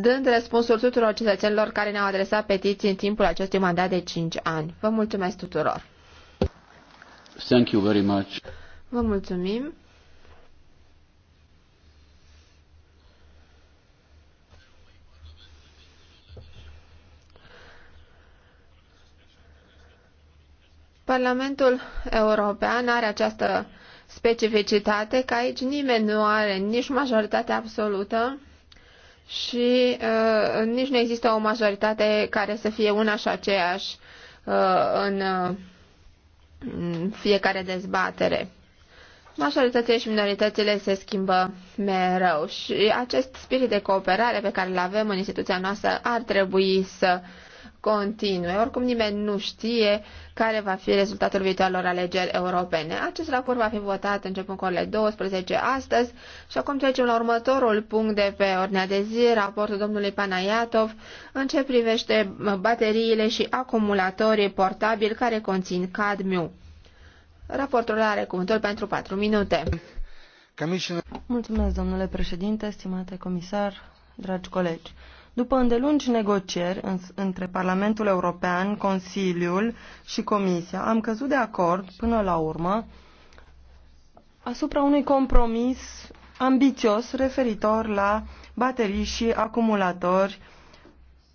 dând răspunsul tuturor cetățenilor care ne-au adresat petiții în timpul acestui mandat de 5 ani. Vă mulțumesc tuturor! Thank you very much. Vă mulțumim! Parlamentul European are această specificitate că aici nimeni nu are nici majoritate absolută și uh, nici nu există o majoritate care să fie una și aceeași uh, în, uh, în fiecare dezbatere. Majoritățile și minoritățile se schimbă mereu și acest spirit de cooperare pe care îl avem în instituția noastră ar trebui să continue. Oricum nimeni nu știe care va fi rezultatul viitoarelor alegeri europene. Acest raport va fi votat începând cu orele 12 astăzi și acum trecem la următorul punct de pe ordinea de zi, raportul domnului Panayatov în ce privește bateriile și acumulatorii portabili care conțin cadmiu. Raportul are cuvântul pentru 4 minute. Mulțumesc, domnule președinte, stimate comisar, dragi colegi. După îndelungi negocieri între Parlamentul European, Consiliul și Comisia, am căzut de acord, până la urmă, asupra unui compromis ambițios referitor la baterii și acumulatori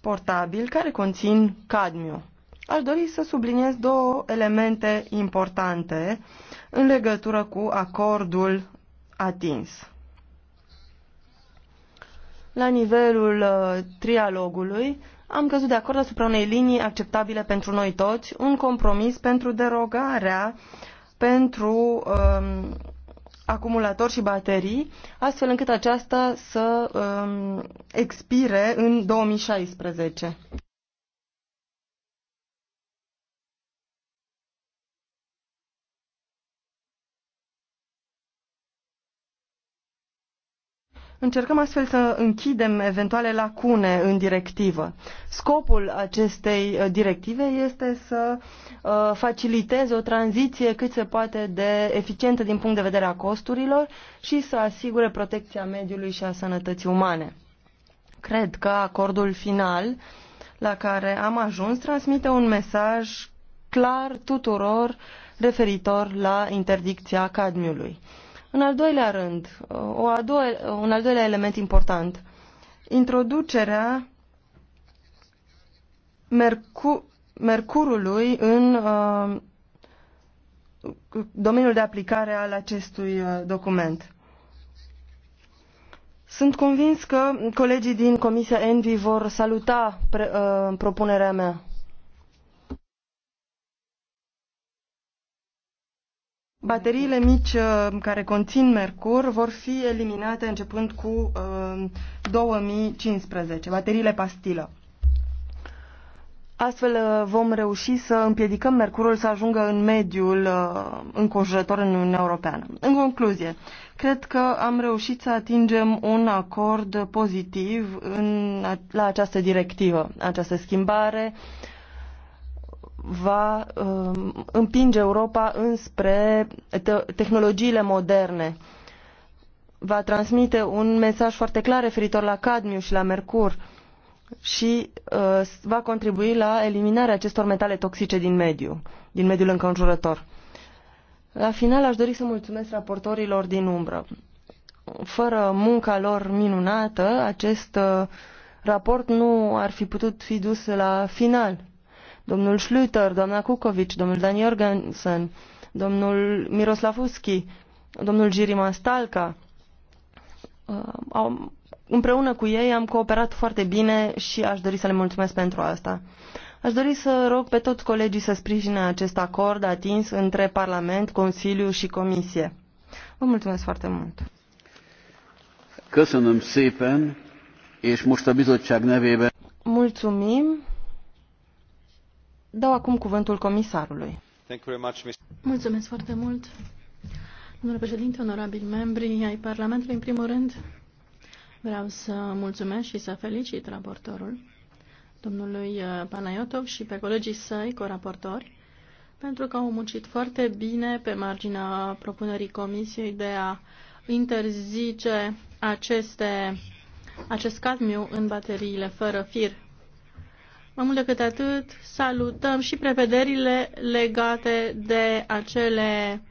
portabili care conțin cadmiu. Aș dori să subliniez două elemente importante în legătură cu acordul atins la nivelul uh, trialogului, am căzut de acord asupra unei linii acceptabile pentru noi toți, un compromis pentru derogarea pentru um, acumulatori și baterii, astfel încât aceasta să um, expire în 2016. Încercăm astfel să închidem eventuale lacune în directivă. Scopul acestei uh, directive este să uh, faciliteze o tranziție cât se poate de eficientă din punct de vedere a costurilor și să asigure protecția mediului și a sănătății umane. Cred că acordul final la care am ajuns transmite un mesaj clar tuturor referitor la interdicția cadmiului. În al doilea rând, o a doua, un al doilea element important, introducerea mercu, mercurului în uh, domeniul de aplicare al acestui uh, document. Sunt convins că colegii din Comisia Envi vor saluta pre, uh, propunerea mea. Bateriile mici uh, care conțin mercur vor fi eliminate începând cu 2015, uh, bateriile pastilă. Astfel uh, vom reuși să împiedicăm mercurul să ajungă în mediul înconjurător în Uniunea Europeană. În concluzie, cred că am reușit să atingem un acord pozitiv în, la această directivă, această schimbare uh, va um, împinge Europa înspre tehnologiile moderne. Va transmite un mesaj foarte clar referitor la cadmiu și la mercur și uh, va contribui la eliminarea acestor metale toxice din mediu, din mediul înconjurător. La final aș dori să mulțumesc raportorilor din umbră. Fără munca lor minunată, acest uh, raport nu ar fi putut fi dus la final domnul Schlüter, doamna Kukovic, domnul Dan Jorgensen, domnul Miroslav Uschi, domnul Jirima Stalka. Uh, împreună cu ei am cooperat foarte bine și aș dori să le mulțumesc pentru asta. Aș dori să rog pe toți colegii să sprijine acest acord atins între Parlament, Consiliu și Comisie. Vă mulțumesc foarte mult! Köszönöm szépen, és most a bizottság nevében... Mulțumim! Dau acum cuvântul comisarului. Mulțumesc foarte mult, domnule președinte, onorabili membri ai Parlamentului. În primul rând, vreau să mulțumesc și să felicit raportorul, domnului uh, Panayotov și pe colegii săi, coraportori, pentru că au muncit foarte bine pe marginea propunerii Comisiei de a interzice aceste, acest cadmiu în bateriile fără fir mai mult decât atât, salutăm și prevederile legate de acele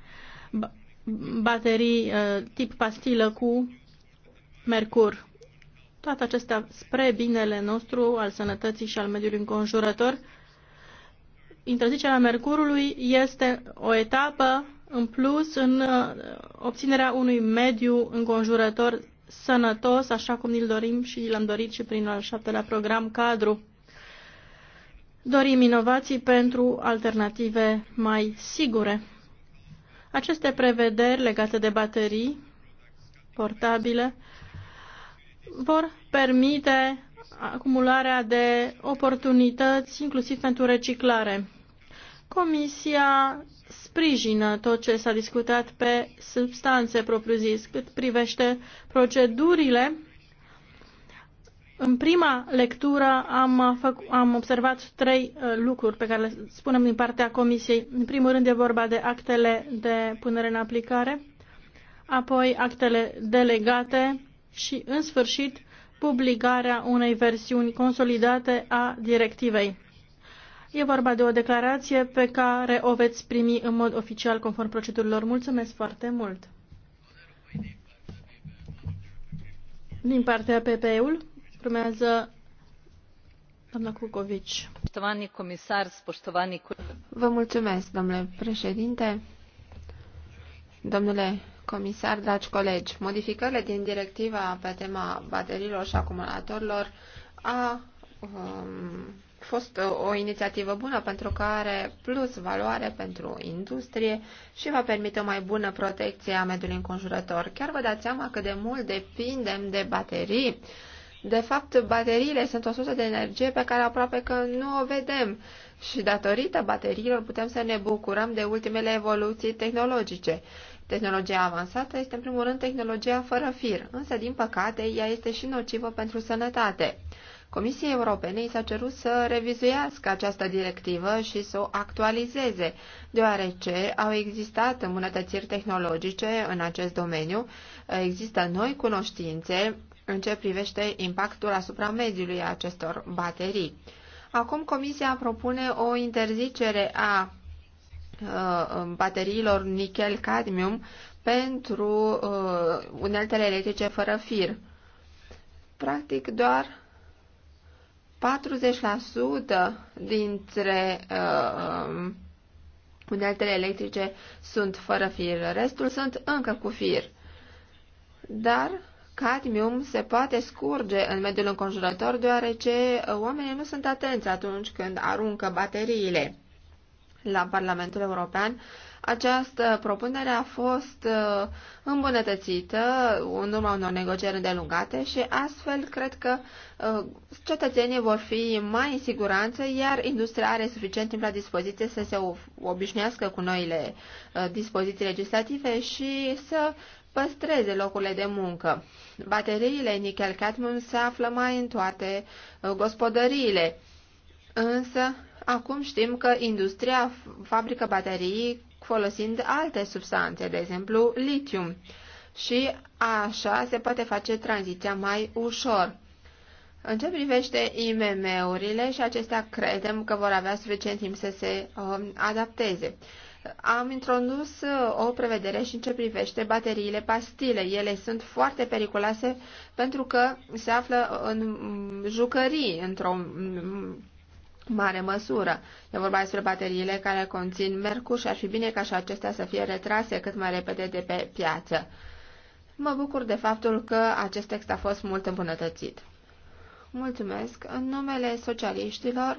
baterii uh, tip pastilă cu mercur. Toate acestea spre binele nostru, al sănătății și al mediului înconjurător. Interzicerea mercurului este o etapă în plus în uh, obținerea unui mediu înconjurător sănătos, așa cum îl dorim și l-am dorit și prin al șaptelea program cadru Dorim inovații pentru alternative mai sigure. Aceste prevederi legate de baterii portabile vor permite acumularea de oportunități, inclusiv pentru reciclare. Comisia sprijină tot ce s-a discutat pe substanțe propriu-zis, cât privește procedurile în prima lectură am, făc, am observat trei uh, lucruri pe care le spunem din partea Comisiei. În primul rând e vorba de actele de punere în aplicare, apoi actele delegate și, în sfârșit, publicarea unei versiuni consolidate a directivei. E vorba de o declarație pe care o veți primi în mod oficial conform procedurilor. Mulțumesc foarte mult! Din partea PPE-ul comisar, Vă mulțumesc, domnule președinte, domnule comisar, dragi colegi. Modificările din directiva pe tema bateriilor și acumulatorilor a um, fost o inițiativă bună pentru că are plus valoare pentru industrie și va permite o mai bună protecție a mediului înconjurător. Chiar vă dați seama cât de mult depindem de baterii de fapt, bateriile sunt o sursă de energie pe care aproape că nu o vedem și datorită bateriilor putem să ne bucurăm de ultimele evoluții tehnologice. Tehnologia avansată este în primul rând tehnologia fără fir, însă din păcate ea este și nocivă pentru sănătate. Comisiei Europene i s-a cerut să revizuiască această directivă și să o actualizeze, deoarece au existat îmbunătățiri tehnologice în acest domeniu, există noi cunoștințe în ce privește impactul asupra mediului a acestor baterii. Acum Comisia propune o interzicere a uh, bateriilor nichel-cadmium pentru uh, uneltele electrice fără fir. Practic doar 40% dintre uh, um, uneltele electrice sunt fără fir, restul sunt încă cu fir. Dar cadmium se poate scurge în mediul înconjurător deoarece uh, oamenii nu sunt atenți atunci când aruncă bateriile. La Parlamentul European această propunere a fost uh, îmbunătățită în urma unor negocieri îndelungate și astfel cred că uh, cetățenii vor fi mai în siguranță, iar industria are suficient timp la dispoziție să se obișnuiască cu noile dispoziții legislative și să păstreze locurile de muncă. Bateriile nichel-cadmium se află mai în toate uh, gospodăriile, însă acum știm că industria fabrică baterii folosind alte substanțe, de exemplu litium, și așa se poate face tranziția mai ușor. În ce privește IMM-urile și acestea credem că vor avea suficient timp să se uh, adapteze am introdus uh, o prevedere și în ce privește bateriile pastile. Ele sunt foarte periculoase pentru că se află uh, în mm, jucării într-o mm, mm, mare măsură. E vorba despre bateriile care conțin mercur și ar fi bine ca și acestea să fie retrase cât mai repede de pe piață. Mă bucur de faptul că acest text a fost mult îmbunătățit. Mulțumesc în numele socialiștilor.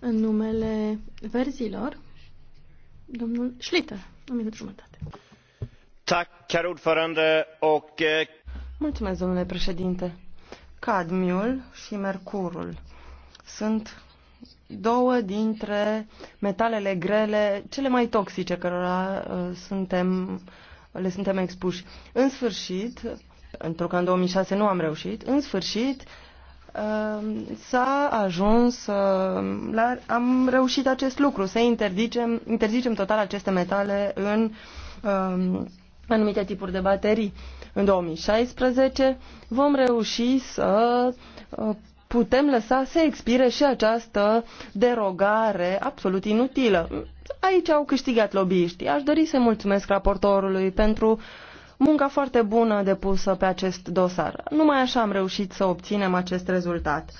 În numele verzilor, domnul Schlitter, un minut jumătate. Eh, Mulțumesc, domnule președinte. Cadmiul și mercurul sunt două dintre metalele grele cele mai toxice cărora uh, suntem, le suntem expuși. În sfârșit, pentru că în 2006 nu am reușit, în sfârșit Ehm, s-a ajuns ehm, la, am reușit acest lucru, să interzicem, interzicem total aceste metale în um, anumite tipuri de baterii. În 2016 vom reuși să eh, putem lăsa să expire și această derogare absolut inutilă. Aici au câștigat lobbyiștii. Aș dori să mulțumesc raportorului pentru uh, munca foarte bună depusă pe acest dosar. Numai așa am reușit să obținem acest rezultat.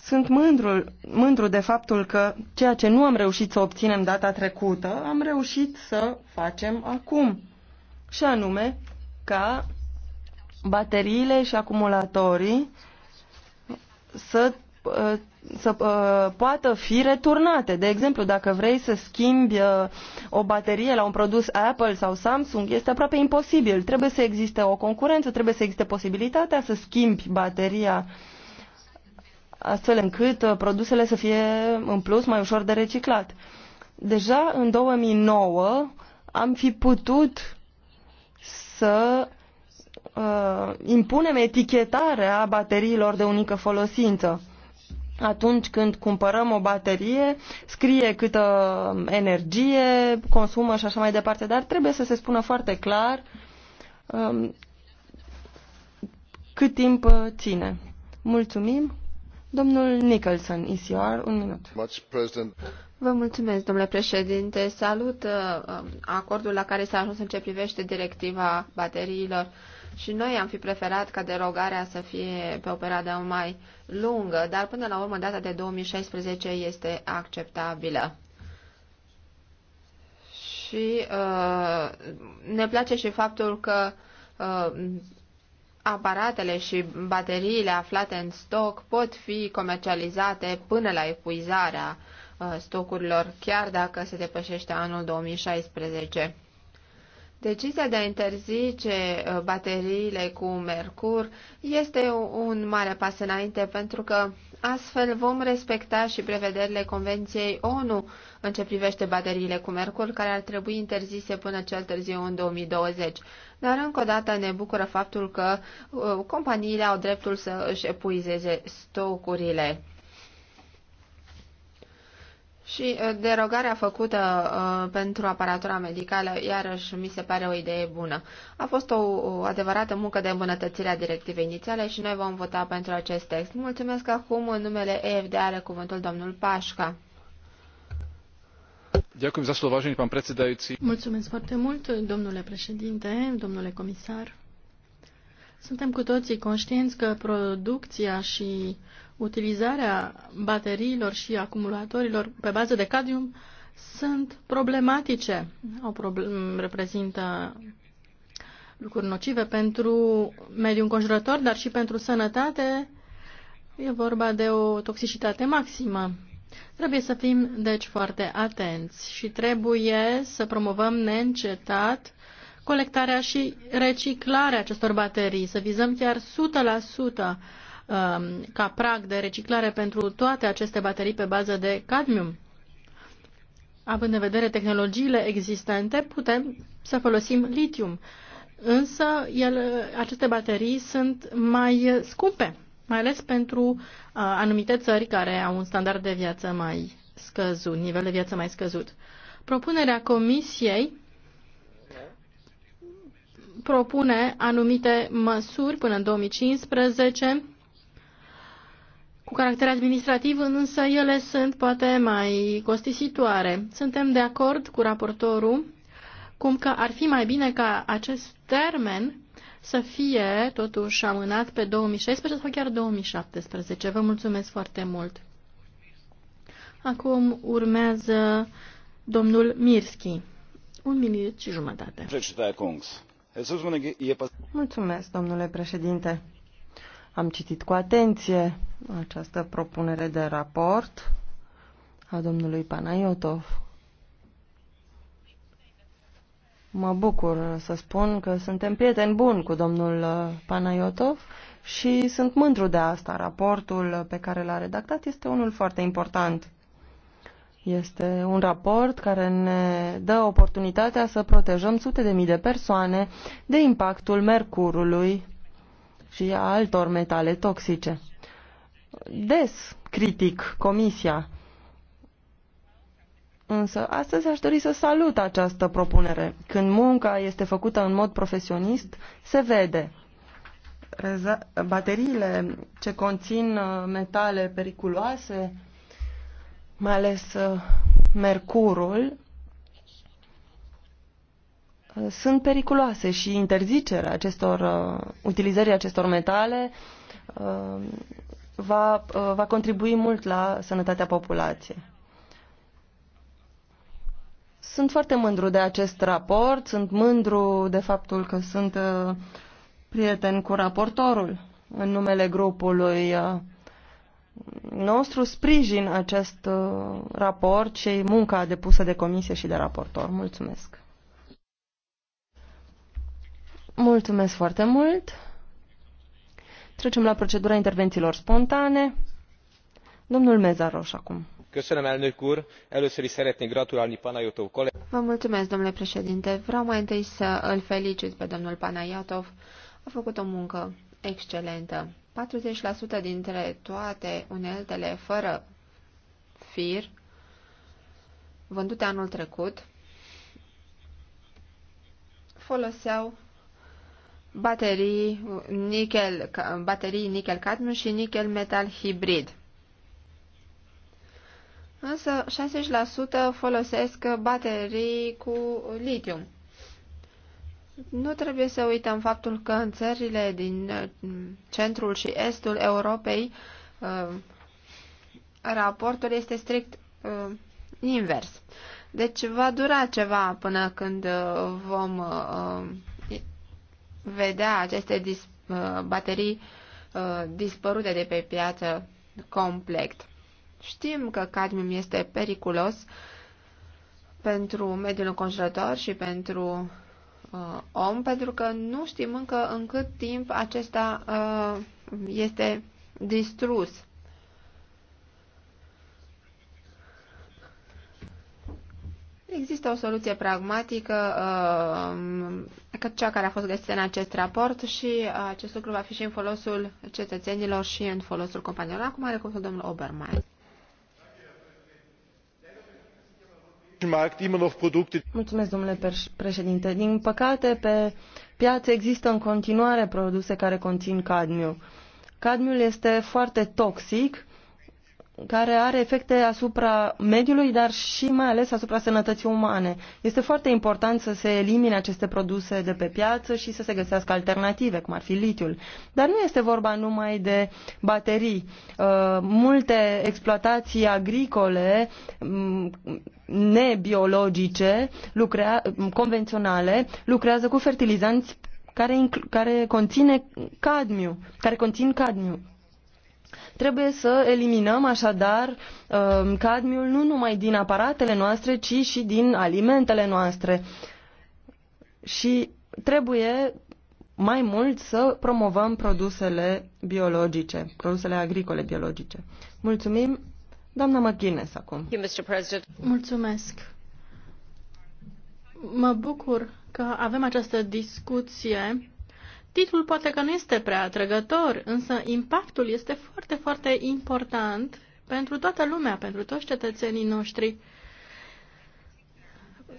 Sunt mândru, mândru de faptul că ceea ce nu am reușit să obținem data trecută, am reușit să facem acum. Și anume ca bateriile și acumulatorii să Uh, să uh, poată fi returnate. De exemplu, dacă vrei să schimbi uh, o baterie la un produs Apple sau Samsung, este aproape imposibil. Trebuie să existe o concurență, trebuie să existe posibilitatea să schimbi bateria astfel încât produsele să fie în plus mai ușor de reciclat. Deja în 2009 am fi putut să uh, impunem etichetarea bateriilor de unică folosință atunci când cumpărăm o baterie, scrie câtă energie consumă și așa mai departe, dar trebuie să se spună foarte clar um, cât timp uh, ține. Mulțumim. Domnul Nicholson, ECR, un minut. Vă mulțumesc, domnule președinte. Salut uh, um, acordul la care s-a ajuns în ce privește directiva bateriilor și noi am fi preferat ca derogarea să fie pe o perioadă mai lungă, dar până la urmă data de 2016 este acceptabilă. Și uh, ne place și faptul că uh, aparatele și bateriile aflate în stoc pot fi comercializate până la epuizarea uh, stocurilor, chiar dacă se depășește anul 2016. Decizia de a interzice uh, bateriile cu mercur este un mare pas înainte pentru că astfel vom respecta și prevederile Convenției ONU în ce privește bateriile cu mercur care ar trebui interzise până cel târziu în 2020. Dar încă o dată ne bucură faptul că uh, companiile au dreptul să își epuizeze stocurile. Și uh, derogarea făcută uh, pentru aparatura medicală, iarăși, mi se pare o idee bună. A fost o, o adevărată muncă de îmbunătățire a directivei inițiale și noi vom vota pentru acest text. Mulțumesc acum în numele EFD are cuvântul domnul Pașca. Mulțumesc foarte mult, domnule președinte, domnule comisar. Suntem cu toții conștienți că producția și utilizarea bateriilor și acumulatorilor pe bază de cadmium sunt problematice, au problem, reprezintă lucruri nocive pentru mediul înconjurător, dar și pentru sănătate. E vorba de o toxicitate maximă. Trebuie să fim, deci, foarte atenți și trebuie să promovăm neîncetat colectarea și reciclarea acestor baterii, să vizăm chiar 100% Um, ca prag de reciclare pentru toate aceste baterii pe bază de cadmium. Având în vedere tehnologiile existente, putem să folosim litium. Însă el, aceste baterii sunt mai scumpe, mai ales pentru uh, anumite țări care au un standard de viață mai scăzut, nivel de viață mai scăzut. Propunerea Comisiei propune anumite măsuri până în 2015 cu caracter administrativ, însă ele sunt poate mai costisitoare. Suntem de acord cu raportorul cum că ar fi mai bine ca acest termen să fie totuși amânat pe 2016 sau chiar 2017. Vă mulțumesc foarte mult. Acum urmează domnul Mirski. Un minut și jumătate. Mulțumesc, domnule președinte. Am citit cu atenție această propunere de raport a domnului Panayotov. Mă bucur să spun că suntem prieteni buni cu domnul Panayotov și sunt mândru de asta. Raportul pe care l-a redactat este unul foarte important. Este un raport care ne dă oportunitatea să protejăm sute de mii de persoane de impactul mercurului și a altor metale toxice. Des critic Comisia. Însă astăzi aș dori să salut această propunere. Când munca este făcută în mod profesionist, se vede. Bateriile ce conțin uh, metale periculoase, mai ales uh, mercurul, sunt periculoase și interzicerea acestor uh, utilizării acestor metale uh, va, uh, va contribui mult la sănătatea populației. Sunt foarte mândru de acest raport, sunt mândru de faptul că sunt uh, prieten cu raportorul în numele grupului uh, nostru sprijin acest uh, raport și munca depusă de comisie și de raportor. Mulțumesc! Mulțumesc foarte mult. Trecem la procedura intervențiilor spontane. Domnul Mezaros acum. Vă mulțumesc, domnule președinte. Vreau mai întâi să îl felicit pe domnul Panayatov. A făcut o muncă excelentă. 40% dintre toate uneltele fără fir vândute anul trecut foloseau baterii nickel, baterii nickel-cadmiu și nickel-metal hibrid. Însă 60% folosesc baterii cu litium. Nu trebuie să uităm faptul că în țările din uh, centrul și estul Europei uh, raportul este strict uh, invers. Deci va dura ceva până când vom vedea aceste dis, uh, baterii uh, dispărute de pe piață complet. Știm că cadmium este periculos pentru mediul înconjurător și pentru uh, om, pentru că nu știm încă în cât timp acesta uh, este distrus. Există o soluție pragmatică, uh, cea care a fost găsită în acest raport și uh, acest lucru va fi și în folosul cetățenilor și în folosul companiilor. Acum are cuvântul domnul Obermeier. Mulțumesc, domnule președinte. Din păcate, pe piață există în continuare produse care conțin cadmiu. Cadmiul este foarte toxic care are efecte asupra mediului, dar și mai ales asupra sănătății umane. Este foarte important să se elimine aceste produse de pe piață și să se găsească alternative, cum ar fi litiul. Dar nu este vorba numai de baterii. Uh, multe exploatații agricole mm, nebiologice, lucrea, convenționale, lucrează cu fertilizanți care, care conține cadmiu, care conțin cadmiu Trebuie să eliminăm așadar um, cadmiul nu numai din aparatele noastre, ci și din alimentele noastre. Și trebuie mai mult să promovăm produsele biologice, produsele agricole biologice. Mulțumim, doamna McGuinness, acum. Mulțumesc. Mă bucur că avem această discuție Titlul poate că nu este prea atrăgător, însă impactul este foarte, foarte important pentru toată lumea, pentru toți cetățenii noștri.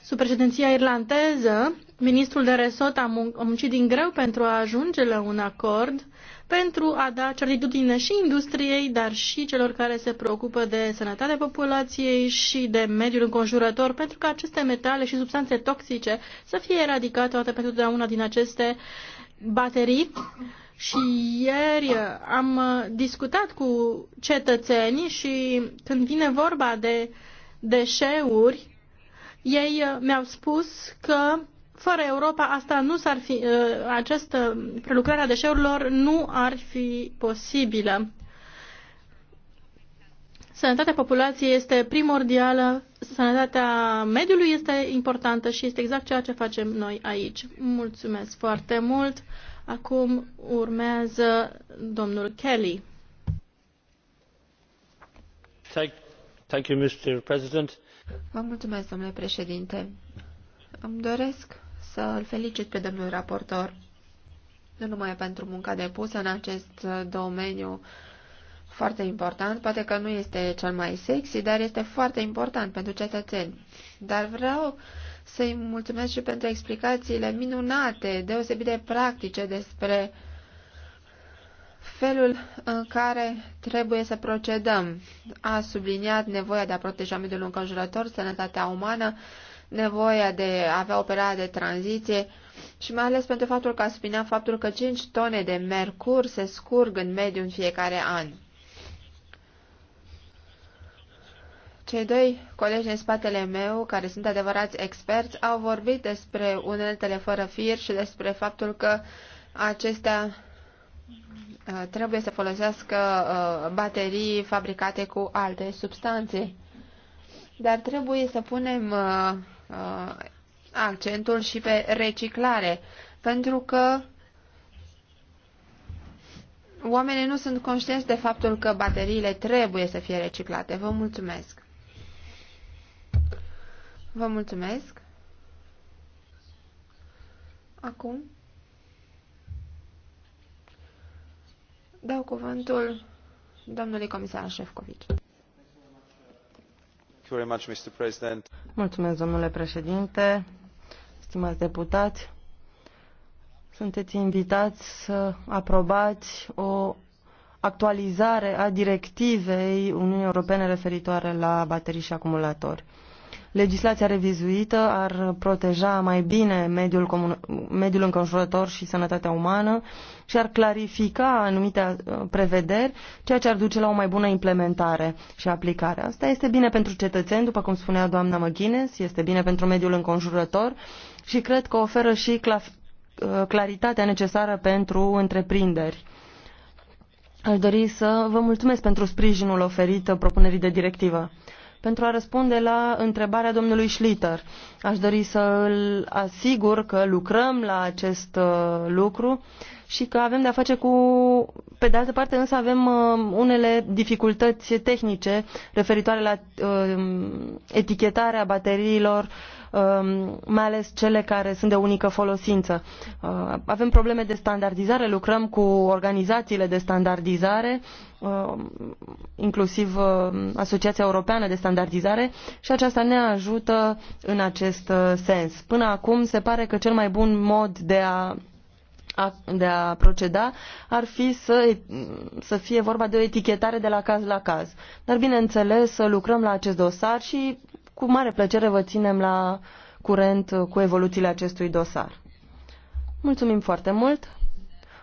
Sub președinția irlandeză, ministrul de resort a, mun- a muncit din greu pentru a ajunge la un acord, pentru a da certitudine și industriei, dar și celor care se preocupă de sănătatea populației și de mediul înconjurător, pentru că aceste metale și substanțe toxice să fie eradicate toate pentru una din aceste uh, baterii și ieri am uh, discutat cu cetățenii și când vine vorba de deșeuri, ei uh, mi-au spus că fără Europa asta nu s-ar fi, uh, această prelucrare a deșeurilor nu ar fi posibilă. Sănătatea populației este primordială, sănătatea mediului este importantă și este exact ceea ce facem noi aici. Mulțumesc foarte mult. Acum urmează domnul Kelly. Thank, thank you, Mr. President. Vă mulțumesc, domnule președinte. Îmi doresc să îl felicit pe domnul raportor, nu numai pentru munca depusă în acest domeniu, foarte important, poate că nu este cel mai sexy, dar este foarte important pentru cetățeni. Dar vreau să-i mulțumesc și pentru explicațiile minunate, deosebit de practice despre felul în care trebuie să procedăm. A subliniat nevoia de a proteja mediul înconjurător, sănătatea umană, nevoia de a avea o perioadă de tranziție și mai ales pentru faptul că a spunea faptul că 5 tone de mercur se scurg în mediu în fiecare an. Cei doi colegi în spatele meu, care sunt adevărați experți, au vorbit despre uneltele fără fir și despre faptul că acestea uh, trebuie să folosească uh, baterii fabricate cu alte substanțe. Dar trebuie să punem uh, accentul și pe reciclare, pentru că oamenii nu sunt conștienți de faptul că bateriile trebuie să fie reciclate. Vă mulțumesc! Vă mulțumesc. Acum dau cuvântul domnului comisar Șefcovic. Mulțumesc, domnule președinte, stimați deputați. Sunteți invitați să aprobați o actualizare a directivei Uniunii Europene referitoare la baterii și acumulatori legislația revizuită ar proteja mai bine mediul, comun... mediul înconjurător și sănătatea umană și ar clarifica anumite uh, prevederi, ceea ce ar duce la o mai bună implementare și aplicare. Asta este bine pentru cetățeni, după cum spunea doamna McGuinness, este bine pentru mediul înconjurător și cred că oferă și uh, claritatea necesară pentru întreprinderi. Aș dori să vă mulțumesc pentru sprijinul oferit propunerii de directivă. Pentru a răspunde la întrebarea domnului Schlitter, aș dori să îl asigur că lucrăm la acest uh, lucru și că avem de-a face cu, pe de altă parte însă avem uh, unele dificultăți tehnice referitoare la uh, etichetarea bateriilor, um, mai ales cele care sunt de unică folosință. Uh, avem probleme de standardizare, lucrăm cu organizațiile de standardizare, inclusiv Asociația Europeană de Standardizare și aceasta ne ajută în acest sens. Până acum se pare că cel mai bun mod de a a, de a proceda ar fi să, să fie vorba de o etichetare de la caz la caz. Dar, bineînțeles, să lucrăm la acest dosar și cu mare plăcere vă ținem la curent cu evoluțiile acestui dosar. Mulțumim foarte mult!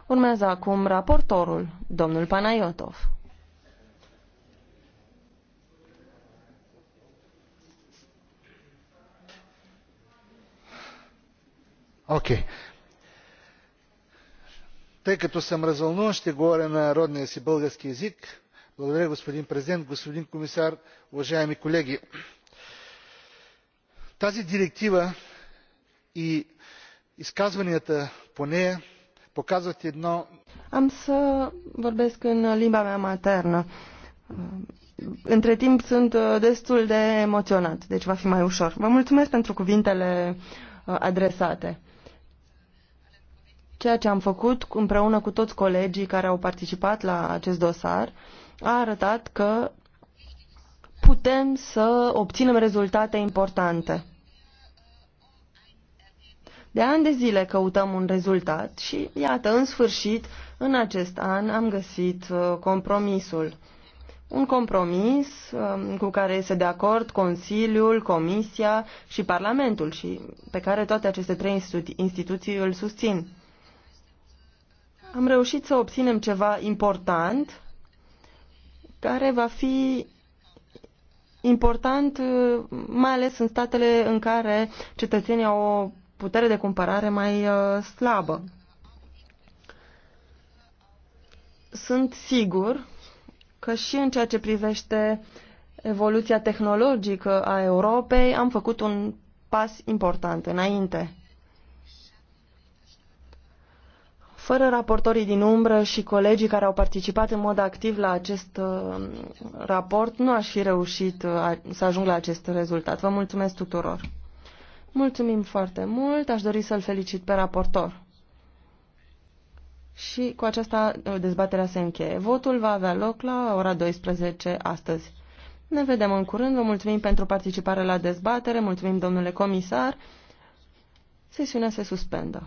Urmează acum raportorul, domnul Panayotov. Ok тъй като съм развълнуван ще говоря на родния си български език. благодаря господин президент господин комисар уважаеми колеги! тази директива и изказванията по нея показват едно. Am să vorbesc în limba mea maternă. Între timp sunt destul de emoționat, deci va fi mai ușor. Vă mulțumesc pentru cuvintele adresate. Ceea ce am făcut împreună cu toți colegii care au participat la acest dosar a arătat că putem să obținem rezultate importante. De ani de zile căutăm un rezultat și, iată, în sfârșit, în acest an am găsit uh, compromisul. Un compromis um, cu care este de acord Consiliul, Comisia și Parlamentul și pe care toate aceste trei institu instituții îl susțin. Am reușit să obținem ceva important care va fi important uh, mai ales în statele în care cetățenii au o putere de cumpărare mai uh, slabă. Sunt sigur că și în ceea ce privește evoluția tehnologică a Europei am făcut un pas important înainte. Fără raportorii din umbră și colegii care au participat în mod activ la acest uh, raport, nu aș fi reușit uh, să ajung la acest rezultat. Vă mulțumesc tuturor! Mulțumim foarte mult, aș dori să-l felicit pe raportor. Și cu aceasta uh, dezbaterea se încheie. Votul va avea loc la ora 12 astăzi. Ne vedem în curând, vă mulțumim pentru participare la dezbatere, mulțumim domnule comisar. Sesiunea se suspendă.